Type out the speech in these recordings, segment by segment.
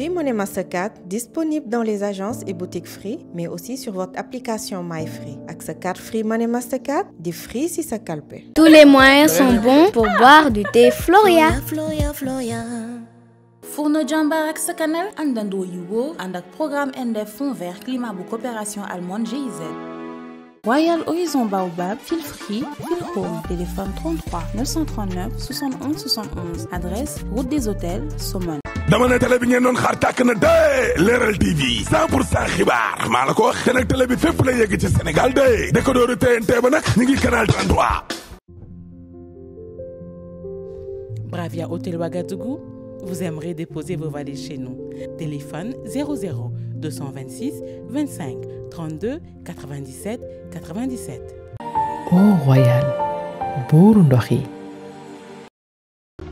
Free Money Mastercard disponible dans les agences et boutiques Free, mais aussi sur votre application MyFree. Avec sa carte Free Money Mastercard, des Free si ça calpe. Tous les moyens sont bons pour boire du thé Floria. Floria, Floria. Floria. fourneau jambar ak programme NDF Fonds Vert climat pour coopération allemande GIZ Royal Horizon Baobab fil free home téléphone 33 939 71 71 adresse route des hôtels Somone dama ne télé bi ngeen doon xaar tàkk na de Leral TV 100 pour cent xibaar maa la ko wax te nag télé bi fépp la yegg ci Sénégal de décodeur TNT ba nag ñu ngi canal 33. Bravia Hôtel Ouagadougou vous aimerez déposer vos valises chez nous téléphone 00 226 25 32 97 97. Au Royal buuru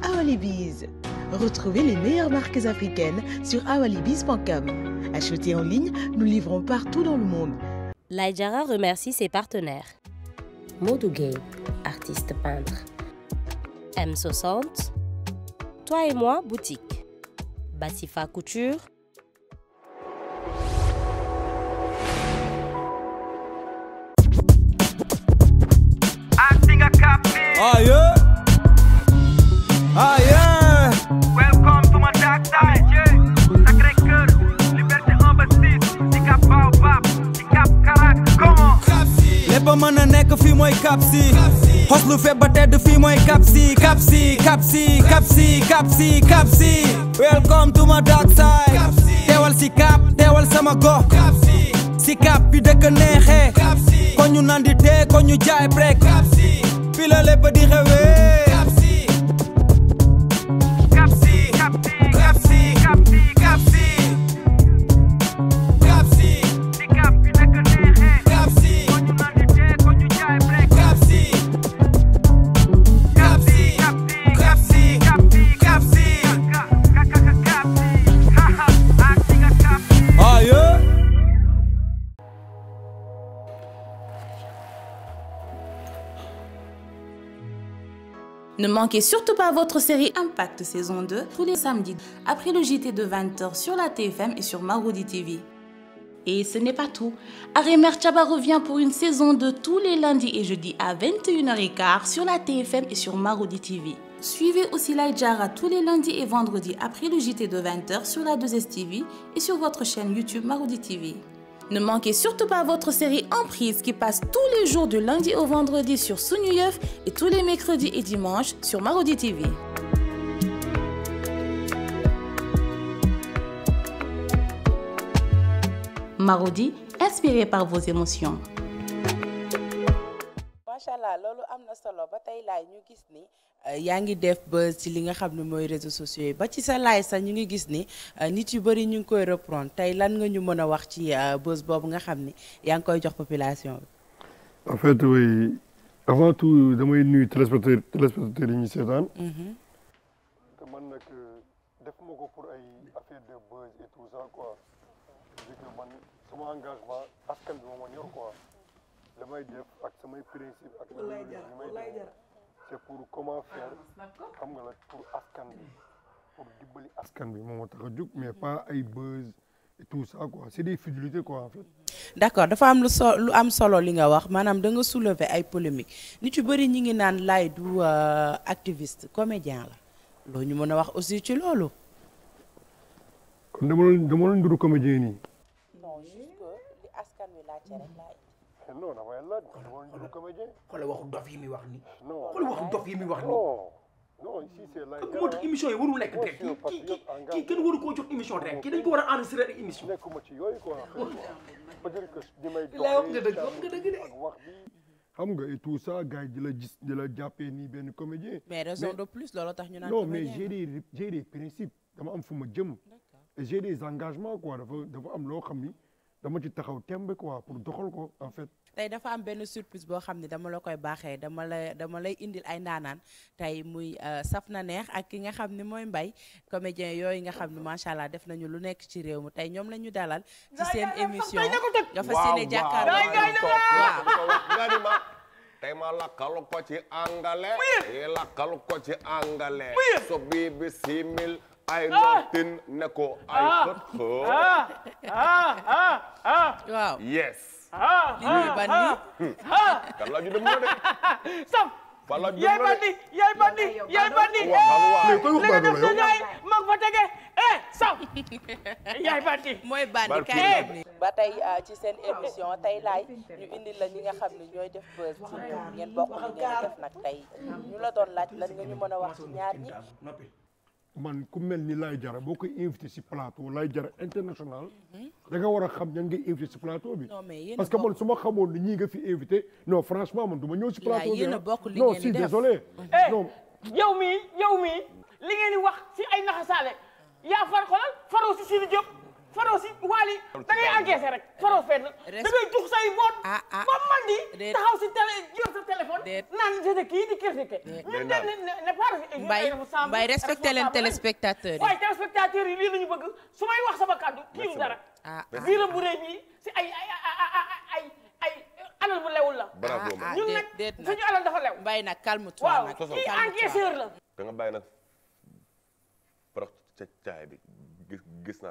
Ah, les bises! Retrouvez les meilleures marques africaines sur awalibis.com. Achetez en ligne, nous livrons partout dans le monde. Laïdjara remercie ses partenaires. Modou artiste peintre. M60. Toi et moi, boutique. Bassifa Couture. Ah, mën a nekk fi mooy Cap Sud xoslu feeb ba tedd fii mooy Cap Sud Cap Sud Cap Sud Cap Sud Cap Sud Cap teewal si Cap teewal sama go si Cap bi dëkk neexee ko ñu tee ko jaay brek fii la lépp di Ne manquez surtout pas votre série Impact saison 2 tous les samedis après le JT de 20h sur la TFM et sur Maroudi TV. Et ce n'est pas tout. Arémer Chaba revient pour une saison 2 tous les lundis et jeudis à 21h15 sur la TFM et sur Maroudi TV. Suivez aussi Jara tous les lundis et vendredis après le JT de 20h sur la 2 s TV et sur votre chaîne YouTube Maroudi TV. Ne manquez surtout pas votre série Emprise qui passe tous les jours de lundi au vendredi sur Sunuyef et tous les mercredis et dimanches sur Marodi TV. Marodi, inspiré par vos émotions. Euh, yaa ngi def buzz ci li nga xam ne mooy réseaux sociaux ba ci sa laay sax ñu ngi gis ni euh, nit yu bëri ñu ngi koy reprendre tey lan nga ñu mën a wax ci euh, buzz boobu nga xam ni yaa ngi koy jox population bi. en fait oui avant tout damay nuyu téléspectateurs téléspectateurs yi ñu seetaan. Mhm. man nag defuma ko pour ay affaire de buzz et tout ça quoi je que man engagement askan bi moom moo ñor quoi damay def ak samay principe ak. li may c'est pour comment faire ah, xam nga pour askan pour dimbali askan bi moom moo tax djuk mais pas ay buzz et tout ça quoi c'est des futilités quoi en fait. d'accord dafa am lu lu am solo li nga wax manam da nga soulever ay polémique ni yu bëri ñi ngi naan lay du euh, activiste comédien la loo ñu mën wax aussi ci lolu comme dama doon dama doon duru comédien ni non juste que li askan wi laajte rek laay. non dama yàlla du ko ma jee. xoolal waxu dof yi muy wax nii. non xoolal waxu dof yi muy wax nii. non non ici c'est la. moo tax émission yi warul nekk direct kii kii kii kii kenn waru koo jox émission direct kii dañ ko war a enregistrer rek émission. nekkuma ci yooyu quoi. peut-être que li may dox wax nga dëgg wax nga dëgg de. xam nga et tout ça gars yi di la gis di la jàppee nii benn comédien. mais raison de plus loolu tax ñu naan. non mais j'ai des j'ai des principes dama am fu ma jëm. et j'ai des engagements quoi dafa dafa am loo xam ni. dama ci taxaw temb quoi pour doxal ko en fait. tey dafa am benn surprise boo xam ne dama la koy baaxee dama la dama lay indil ay ndaanaan tey muy euh, saf na neex ak ki nga xam ne mooy mbay comédien yooyu nga xam ne macha allah def nañu lu nekk ci réew mi tey ñoom la ñu dalal. ci seen émission nga fas yéene jàkkaarloo waaw waaw tey ma ko ci angale. bii bi simil ay nothing ah! ne ko ay xët ah! xët ah! waaw yes lii ban ni bandi yaay bandi bandi li nga bandi mooy bandi kay eh! ba tey ci seen émission tey laay ñu indil la ñi nga xam ne ñooy def buzz ci ñoom ngeen bokk ñi ngeen def nag tey ñu la doon laaj lan nga ñu mën a wax ci ñaar ñi man ku mel ni Laye Diarra bokk koy invité si plateau Laye Diarra international da nga war a xam ñan ngay invité si plateau bi. parce que man su ma xamoon ni ñii nga fi invité non franchement man du ma ñëw si plateau bi ah. si désolé. Eh, non yow mii far xolal si Sidi Diop. faroo si waali da ngay encaissé rek faroo fenn da ngay jox say ah, ah. man di taxaw si télé yor sa téléphone naan jënd kii di critiqué ñun dem ne faroo bay mbay mbay respecté téléspectateurs yi téléspectateurs yi lii bëgg wax sama dara ah, bu si ay ay ay ay alal bu lewul la ñun nag suñu alal dafa lew mbay nag calme toi waaw kii encaisseur la da nga bàyyi nag bi gis la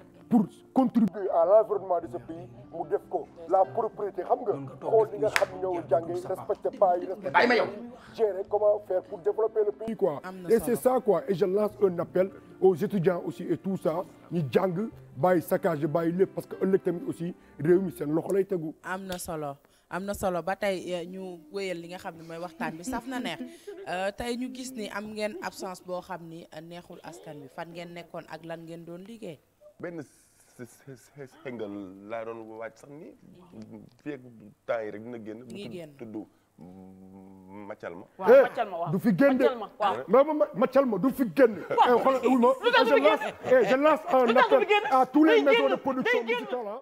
pour contribuer à l'environnement de ce pays mu def ko la propriété xam nga xool li nga xam ne ñoo jàngee respecté pas yi respecté gérer comment faire pour développer le pays quoi et c'est ça quoi et je lance un appel aux étudiants aussi et tout ça ñu jàng bay saccage bay le parce que ëllëg tamit aussi réew mi seen loxo lay tegu am solo am na solo ba tey euh, ñu wéyal li nga xam ne mooy waxtaan bi saf na neex euh, tey ñu gis ni am ngeen absence boo xam ni euh, neexul askan bi fan ngeen nekkoon ak lan ngeen doon liggéey benn xëngal laa doon wàcc sax ni fii ak temps yi rek dina génn. ngi génn tudd Macal ma. Eh, waaw Macal ma waaw du fi génn de. du fi génn. lu tax du fi génn je lance un appel à tous de production musicale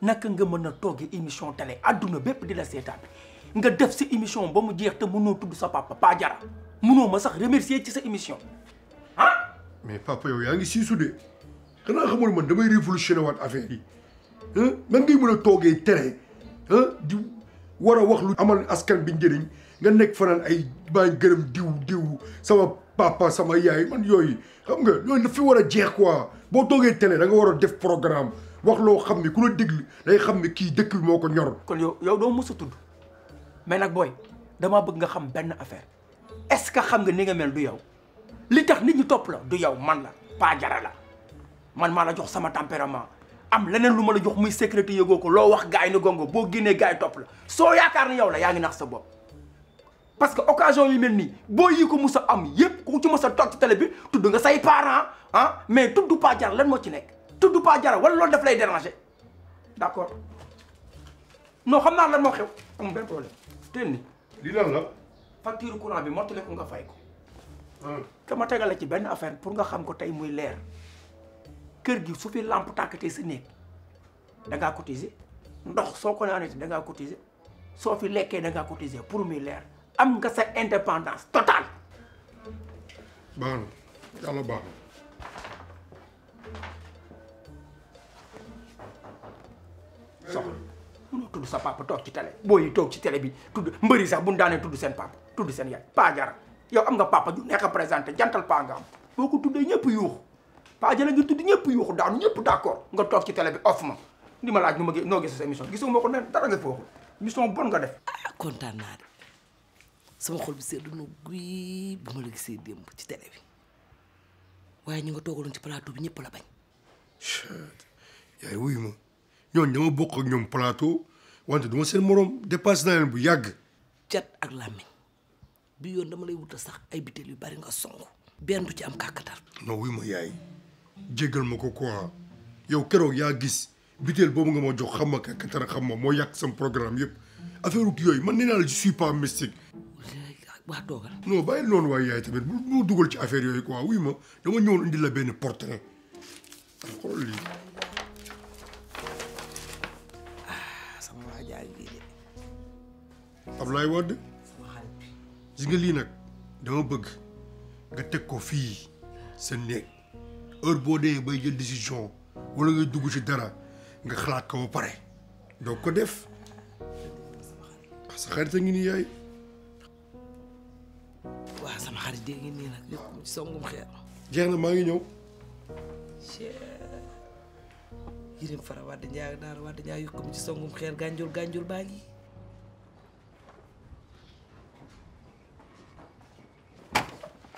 naka nga mën a tele? émission télé aduna bép di la seetaan nga def ci émission ba mu jeex te mënoo tudd sa papa Pa jara mëno ma sax remercier ci sa émission ah. mais papa yow yaa ngi siisu de xanaa xamul man damay révolutionner wat affaire yi nan ngay mën télé di wara wax lu amal askan bi njëriñ nga nek fanan ay bay gërëm diw diw sama papa sama yaay man yoy xam nga yooyu daf fi wara a jeex quoi bo télé da nga wara def programme wax lo xamni ni ku la déglu day xamni ni dekk bi moko ñor. kon yow yow do musu tud mais nak boy dama bëgg nga xam ben affaire est-ce que xam nga ni nga mel du yow li tax nit ñu top la du yow man la pa Jara la man jox sama tempérament am leneen lu ma la jox muy secret yego ko lo wax gaay ni gongo bo génnee gaay top la so yaakar ni yow la yaangi nax sa bop parce que occasion yu melni nii yi ko musa am yépp ku ci musa tok ci télé bi tuddu nga say parents ah mais tuddu pa Jara lan mo ci nek tuddu pa jara wala loolu daf lay déranger d'accord accord xamna lan mo xew am ben problème ten ni li lan la. facture courant bi motale ko nga fay ko. te ma tegale ci ben affaire pour nga xam ko tay muy lèr kër gi su fi lampe tàkkatee ci nek da nga cotiser ndox soo ko naanee da nga cotiser so fi lekkee da nga cotiser pour muy lèr am nga sa indépendance totale. ban yalla yàlla soxla mënoo tudd sa papa toog ci télé booy yi toog ci télé bi tudd mbëri sax bu ñu daanee tudd seen papa tudd seen yaay paa jara am nga papa ju nekk présenté jantal paa nga am boo ko tuddee ñëpp yuuxu paa jara nga tudd ñëpp yuuxu daanu ñëpp d'accord nga toog ci tele bi off ma di ma laaj nu ma noo gis sa émission gisoo ma ko ne dara nga foofu émission bon nga def ah kontaan naa de sama xol bi seddu na guy bu ma la gisee démb ci télé bi waaye ñu nga toogaloon ci plateau bi ñëpp la bañ ñooñu dama bokk ñoom plateau wante duma seen morom dépassé naa leen bu yàgg. cat ak làmmiñ bi yoon dama lay wuta sax ay bitéel yu bari nga songu benn du ci am kàkkatar. non wuy ma yaay jéggal ma ko quoi yow keroog yaa gis bitéel boobu nga ma jox xam ma kàkkatar xam ma moo yàq sam programme yëpp affaire yooyu man nee naa la je suis pas mystique. waa toogal. non bàyyi noonu waaye yaay tamit bu dugal ci affaire yooyu quoi wuy ma dama ñëwoon indi la benn portrait ah, Ablaye Wade sama xarit bi gis nga lii nag dama bëgg nga teg ko fii sa néeg heure boo dee bay jël décision wala ngay dugg ci dara nga xalaat ko ba pare doo ko def sa xarit ngi nii yaay waaw sama xarit dee ngi nii nag lépp songum xeer jeex na maa ngi ñëw yirim fara wadde njaag daara wadde njaag yokkum ci songum xeer ganjul ganjul baa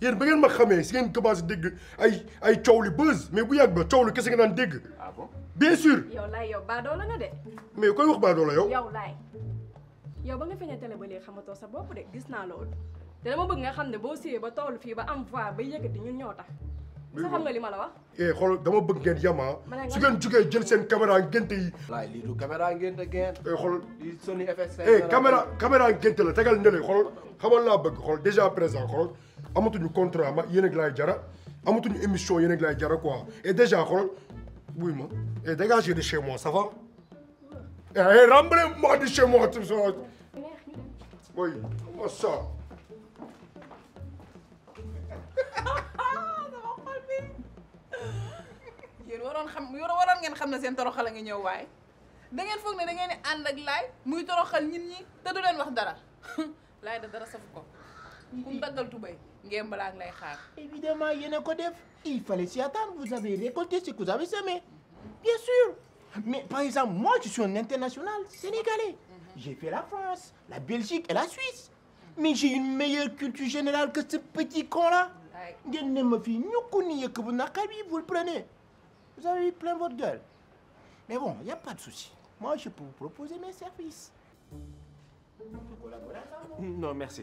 yéen ba ngeen ma xamee si ngeen commencé dégg ay ay mais bu yàgg ba coow li kese ah bien sûr. yow laay yow la nga de. mais koy wax la yow. yow laay yow ba nga feeñee télé ba léegi xamatoo sa de gis naa loolu te dama bëgg nga ba ba am voix ba ñun ñoo tax. xam nga eh xool dama bëgg ngeen yama su ngeen caméra ngénte yi. laay lii du caméra ngénte eh, eh caméra caméra ngénte tegal déjà présent amatuñu contrat ma yéen ak laay jara amatuñu émission yéen ak laay jara quoi et déjà xoolal buy ma et dégagez de chez moi ça va et remblez-moi de chez moi tout ça oui comment ça yéen waroon xam yéen waroon ngeen xam ne seen toroxal a ngi ñëw waaye da ngeen foog ne da ngeen di ànd ak laay muy toroxal nit ñi te du leen wax dara laay da dara safu ko évidemment il fallait s'y attendre vous avez récolté ce que vous avez semé bien sûr mais par exemple moi je suis un international sénégalais j'ai fait la France la Belgique et la Suisse mais j'ai une meilleure culture générale que ce petit con là ne vous le prenez vous avez eu plein votre gueule mais bon il n'y a pas de souci moi je peux vous proposer mes services. Non, merci.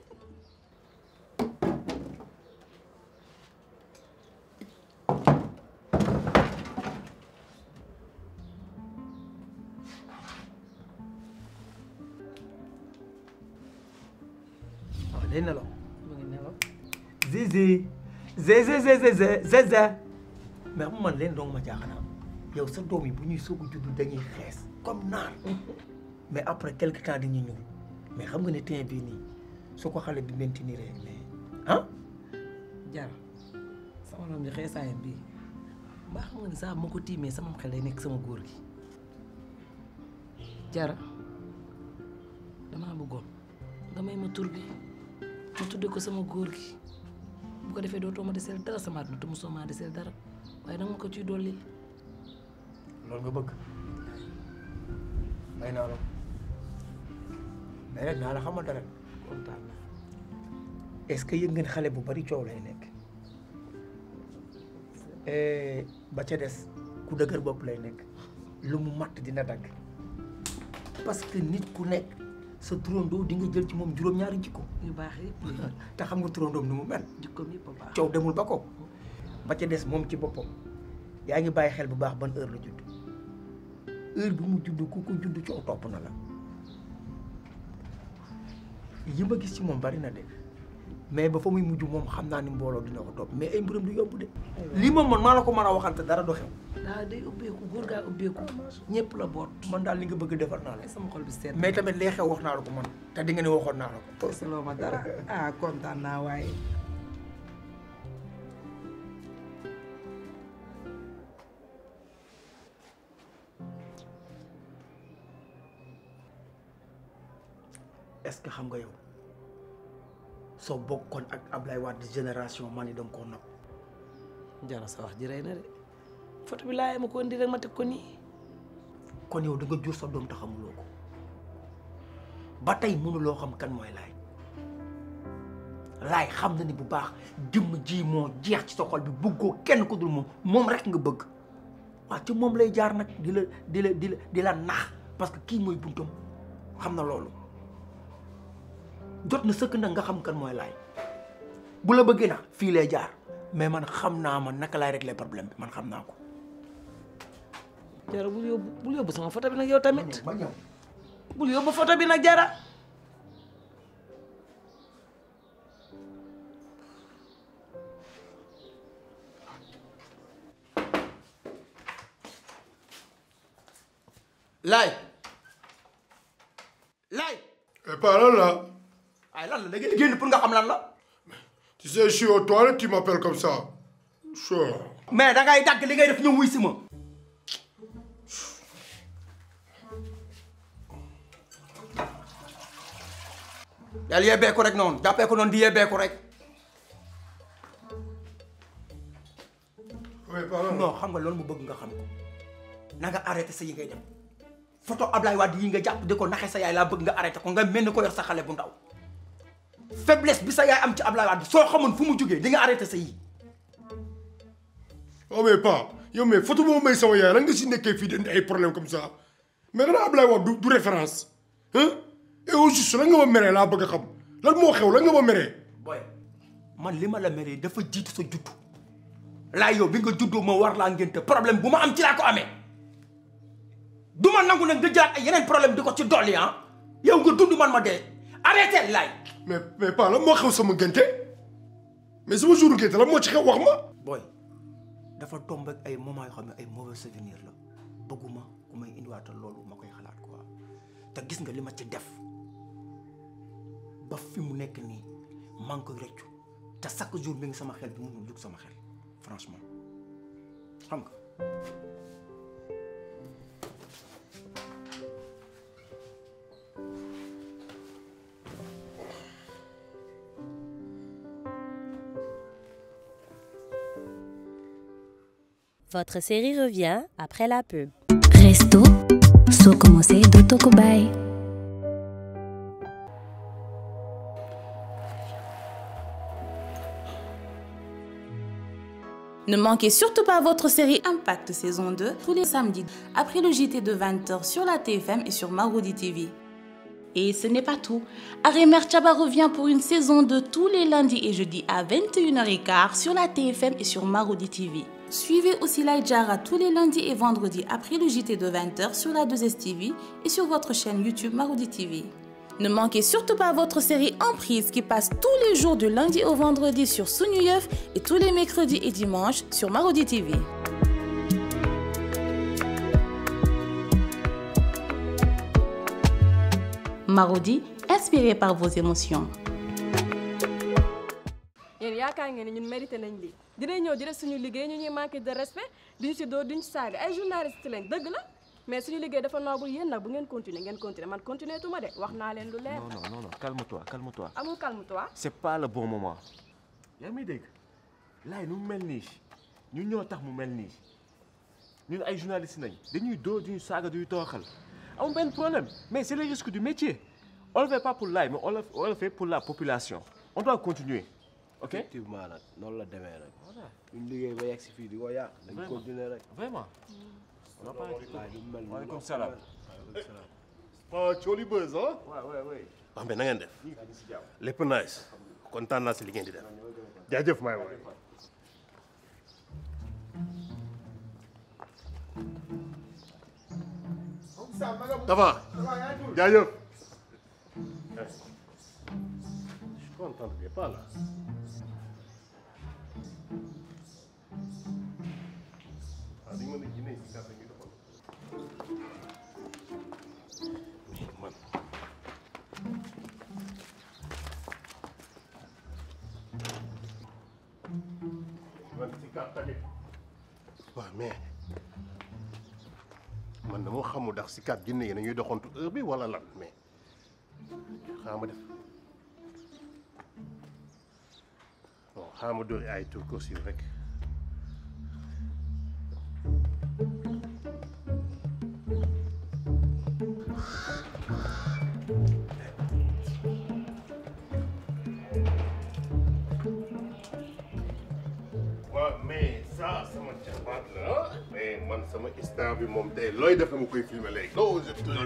zzzzzz mais xam man leen dong ma jaaxanaa yow sa doom bu ñuy soog a judd xees comme naar mais après quelque temps dañuy ñuul mais ne teint bii nii su ko xale bi maintenir mais ah jar sama doom ji xeesaayam bii saa ma ko tiimee sama xel lay nekk sama góor gi jara damaa bëggoon nga may ma tur bi ma tudde ko sama góor gi bu ko defee dootoo ma deseel dara sama na te mosoo maa deseel dara waaye danga ma ko ciy dolli. loolu nga bëgg may naa la mais naa la xamal dara kontaan naa est-ce que yëg ngeen xale bu bari coow lay nekk eh, ba ca des ku dëgër bopp lay nekk lu mu matt dina dagg parce nit ku nekk. sa turandoo di nga jël ci nyari juróom-ñaari jikko yu iya, baax yëpp te xam nga turandoom nu iya, mu mel jikkoom yëpp baax coow demul ba ko ba ca des moom ci boppam yaa ngi bàyyi xel bu baax ban heure la judd heure bi mu judd ku ko judd topp na la iya, gis ci bari na mais ba fa muy mujj moom xam naa ni mbooloo dina ko topp mais ay mbiram du yomb de. lii moom man maa la ko mën a waxante dara do xew. Ah, day ubbeeku góor gaa ubbeeku ah, ñëpp la boot. man daal li nga bëgg defar naa la. sama xol bi seet mais tamit wax naa ko man. te di nga ne waxoon naa la ko. dara ah kontaan naa waaye. ce que xam nga yow. soo kon ak Ablaye di génération man ni dama koo nopp jara sa wax ji rey na de photo bi laay ma ko indi rek ma teg ko nii kon yow da nga jur sa doom te xamuloo ko ba tey loo xam kan mooy laay laay xam na ni bu baax jëmm ji moo jeex ci sa xol bi bëggoo kenn ku dul moom moom rek nga bëgg waaw ci moom lay jaar nag di la di la di la di la nax parce que kii mooy buntam xam na loolu jot na sëkk nag nga xam kan mooy laay bu la bëggee je fii lay jaar mais man régler problème man photo bi yow tamit. photo bi eh, là. ay lan la da ngeen pour nga xam lan la. tu sais je suis aux toilettes tu m'appelles comme ça. sure. mais da ngay dagg li ngay def ñu wuy si ma. yàlla yebbee ko rek noonu jàppee ko noonu di yebbee ko rek. oui pardon non xam nga loolu mu bëgg nga xam ko na nga arrêté sa yi ngay def photo Ablaye Wade yi nga jàpp di ko naxe sa yaay la bëgg nga arrêté ko nga mel ko yor sa xale bu ndaw. faiblesse bi sa yaay am ci Ablaye Wade soo xamoon fu mu jógee di nga arrêté sa yi. oh yow mais photo boobu may sama yaay lan nga si nekkee fii di ay problème comme ça mais xanaa Ablaye Wade du du référence ah et au juste lan nga ma meree laa bëgg a la lan moo xew la nga ma meree. boy man li ma la meree dafa jiit sa juddu laay yow bi nga juddoo ma war laa ngénte problème bu ma am ci laa ko amee du ma nangu nag nga jëlaat ay yeneen problème di ko ci dolli ah yow nga dund man ma dee. arrêtez like. mais mais je sama mais si je suis la moo wax ma. Il dafa mauvais souvenir la Je un quoi gis nga ci def ba fi mu nekk nii maa ngi koy chaque jour mi ngi sama xel bi mënul jug sama xel franchement xam nga. Votre série revient après la pub. Resto, so Ne manquez surtout pas votre série Impact saison 2 tous les samedis après le JT de 20h sur la TFM et sur Maroudi TV. Et ce n'est pas tout. Aremer Chaba revient pour une saison 2 tous les lundis et jeudis à 21h15 sur la TFM et sur Maroudi TV. Suivez aussi Jara tous les lundis et vendredis après le JT de 20h sur la 2 TV et sur votre chaîne YouTube Marodi TV. Ne manquez surtout pas votre série Emprise qui passe tous les jours du lundi au vendredi sur Sunuyef et tous les mercredis et dimanches sur Marodi TV. Marodi, inspiré par vos émotions dinañ ñëw di nous suñu ñu manqué de respect journaliste mais suñu liggéey dafa là. yéen nag bu continuer continuer non non non calme-toi calme-toi. calme-toi. c'est pas le bon moment. yaa ngi dégg laay nu mel nii ñu ñoo tax mu mel Nous mais c'est le risque du métier on ne fait pas pour sommes mais pour la population on doit continuer. ok effectivement nag noonu la demee nag. buñ liggéey ba yegg fii di ko yàq. dañ continuer rek vraiment. Mm. waaleykum salaam. ah Thioli Beuz ah. waaw waaw waaw. Bambe na ngeen def. lépp nice. kontaan naa si li ngeen def. jaajëf maay waay. ça va Contant de Palace. Adımını yine istersen gidip alın. Neyman. Man ci kàttali. waaw mais man dama xamul ndax si kat jinne yi nañuy doxantu heure bi wala lan mais xaaral ma dóor ay tour kursiw rek man sama instant bi moom tey looy def mu koy filmé léegi. non je te dis non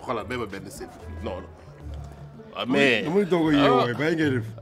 xoolal benn sédd. non non. mais damay doog a yeewoo bàyyi ngay def.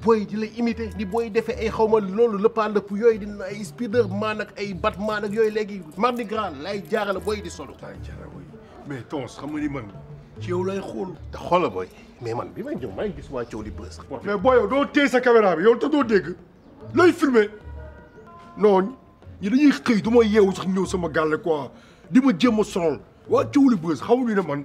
booy di la imité di booy defee ay xawma loolu lëppaa lëpp yooyu di ay Spiderman ak ay Batman ak yooyu léegi Mardi Gras lay jaarale booy di solo. ay jaara booy mais Tons xam nga ni man ci yow lay xool. te xoola booy mais man bi may ñëw maa ngi gis waa coow li bës. mais booy yow doo téye sa caméra bi yow te doo dégg looy filmer non ñi dañuy du ma yeewu sax ñëw sama gàll di ma jéem a sonal waa coow li bës xamuñu man.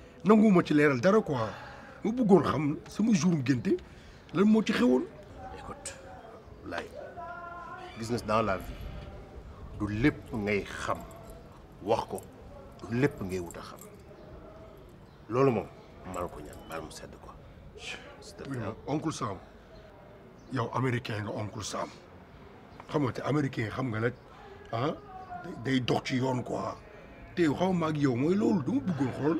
nanguwuma ci leeral dara quoi ma bëggoon xam suma jour ngénte lan moo ci xewoon. écoute la vie du lépp ngay xam wax ko du lépp ngay wut a xam loolu moom maa ko ñaan baal mu sedd quoi. oui oncle yow américain nga oncle Sam xam nga te américain xam nga nag ah day dox ci yoon quoi te xaw ma ak yow mooy loolu dama bëggoon xool.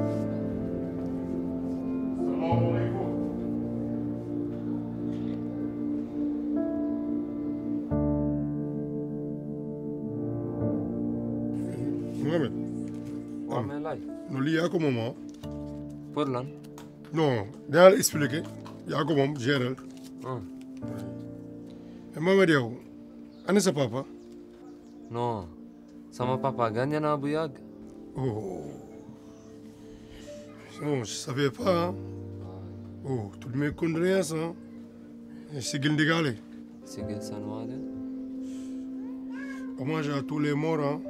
bi yaa ko moom pour lan. non je vais expliquer yaa ko général. gérer. Hum. Et Mohamed yow ana sa papa. non sama papa gagné naa bu yàgg. oh non je savais pas hein? oh toutes mes condoléances ah. Sigil Ndigalé. Sigil Sanwale. Hommage à tous les morts hein?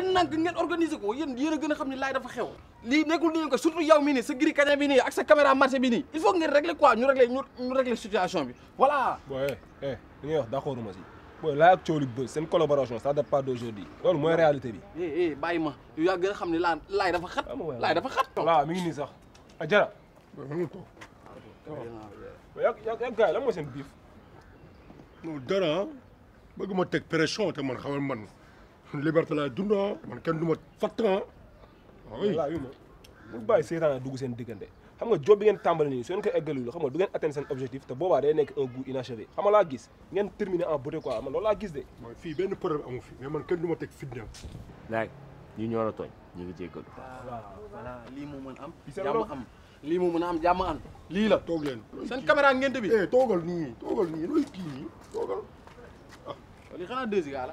leen nank ngeen organiser ko yéen yéen a gën a xam ne laay dafa xew lii nekkul ni ko surtout yow mi nii sa giri kaña bi ni ak sa caméra marché bi nii il faut ngeen régler quoi ñu régler ñu situation bi voilà booy eh, eh li ngay wax d'accord ma si booy laay ak coolu bë seen collaboration sa date pas d'aujourd'hui loolu mooy réalité bi eh eh bàyyi ma yow gën a xam ne laa laay dafa xat laay dafa xat waaw mi ngi nii a jara mënul toog yaa yaa gars seen biif non dara ah. bëgg ma teg pression te man xamal man liberté laay dund ah, man kenn du ma fatt ah. ah. oui bu bàyyi seytaane dugg seen diggante xam nga job bi ngeen tàmbali nii su ngeen ko eggalul xam nga du ngeen atteindre seen objectif te boobaa day nekk un goût inachevé xam nga laa gis ngeen terminé en beauté quoi man loolu laa gis de. mooy fii benn problème amu fi mais man kenn du ma teg fitna. laaj ñu ñoo la tooñ ñu ngi jéggalu. waaw ah, voilà lii moo mën am. jàmm am lii moo mën a am jàmm am. lii la toog leen. seen caméra ngeen bi. Eh, toogal nii toogal nii looy kii nii toogal ah. li xanaa deux la.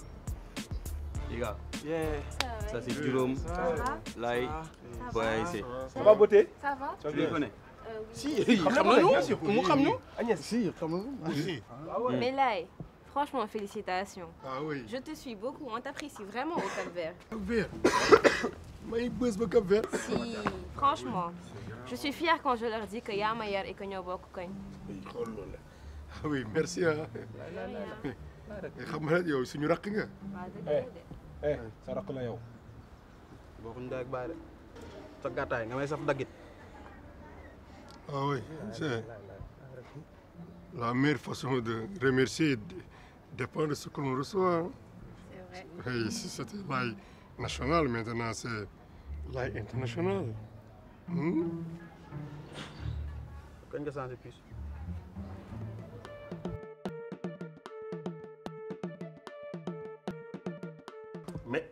Les gars. Yeah. Ça, c'est Jérôme. Ça va Lai. c'est. Ça va, beauté Ça va Tu les connais euh, oui. Si, il nous Comment Agnès Si, ah, il ah, hmm. Mais là, franchement, félicitations. Ah oui. Je te suis beaucoup, on t'apprécie vraiment au Cap-Vert. Cap-Vert Mais ils bossent au Cap-Vert Si, franchement. Je suis fière quand je leur dis que Yamayar et que Nyobok Ah oui, merci. Hein. Je sais que tu es un eh ça rakk la yow. bokkuñ daay ak baay de nga may saf dagit. ah oui c'est la meilleure façon de remercier dépend de ce que l'on reçoit. C'est vrai. Et si c'était l'ail national, maintenant c'est l'ail international. Quand est-ce que ça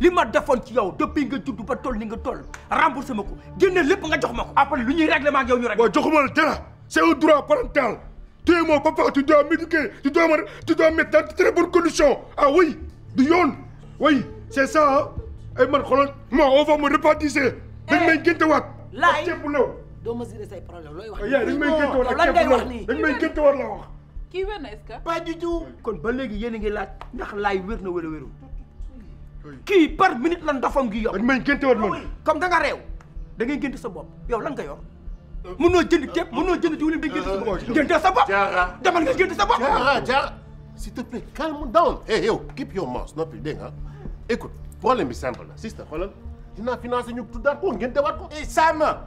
li ma defoon ci yow depuis nga judd ba toll ni nga toll remboursé ma ko génne lépp nga jox ma ko. après lu ñuy réglement ak yow ñu rek. waaw joxuma la dara c'est un droit parental tu es mon papa tu dois m'éduquer tu dois me tu dois mettre dans de très bonnes conditions ah oui du yoon oui c'est ça ah eh, ay man xoolal moi on va me rebaptiser. dañ eh, may gëntewaat. laay ak ceeb bu lew. doo mesurer say problème looy wax. Eh, dañ may gëntewaat ak ceeb bu lew dañ may gëntewaat la wax. kii wér na est-ce que. pas du tout. kon ba léegi yéen a ngi laaj ndax laay wér na wala wérul. ki par minute lan dafam gi yop dañ may gënté wat lool comme da nga rew da ngay gënté sa bop yow lan nga yor mëno jënd ceeb mëno jënd diwlin da gënté sa bop gënté sa bop demal nga gënté sa bop s'il te plaît calme down hey yo keep your mouth Not be nga écoute problème bi simple la sister xolal dina financer ñu tuddaat ko ngeen wat ko eh sama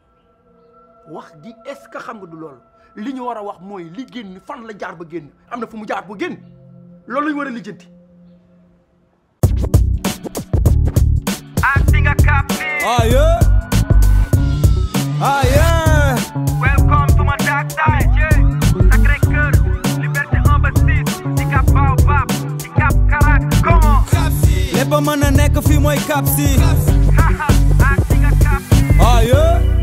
wax di est ce xam nga du loolu li ñu wax moy li genn fan la jaar ba genn amna fu mu jaar ba génn loolu la ñu war a lijjanti. welcome to my dark side. Sacré cœur, liberté embastide. ci cap baobab, ci cap karak. come on a mën a nekk fii cap si. ah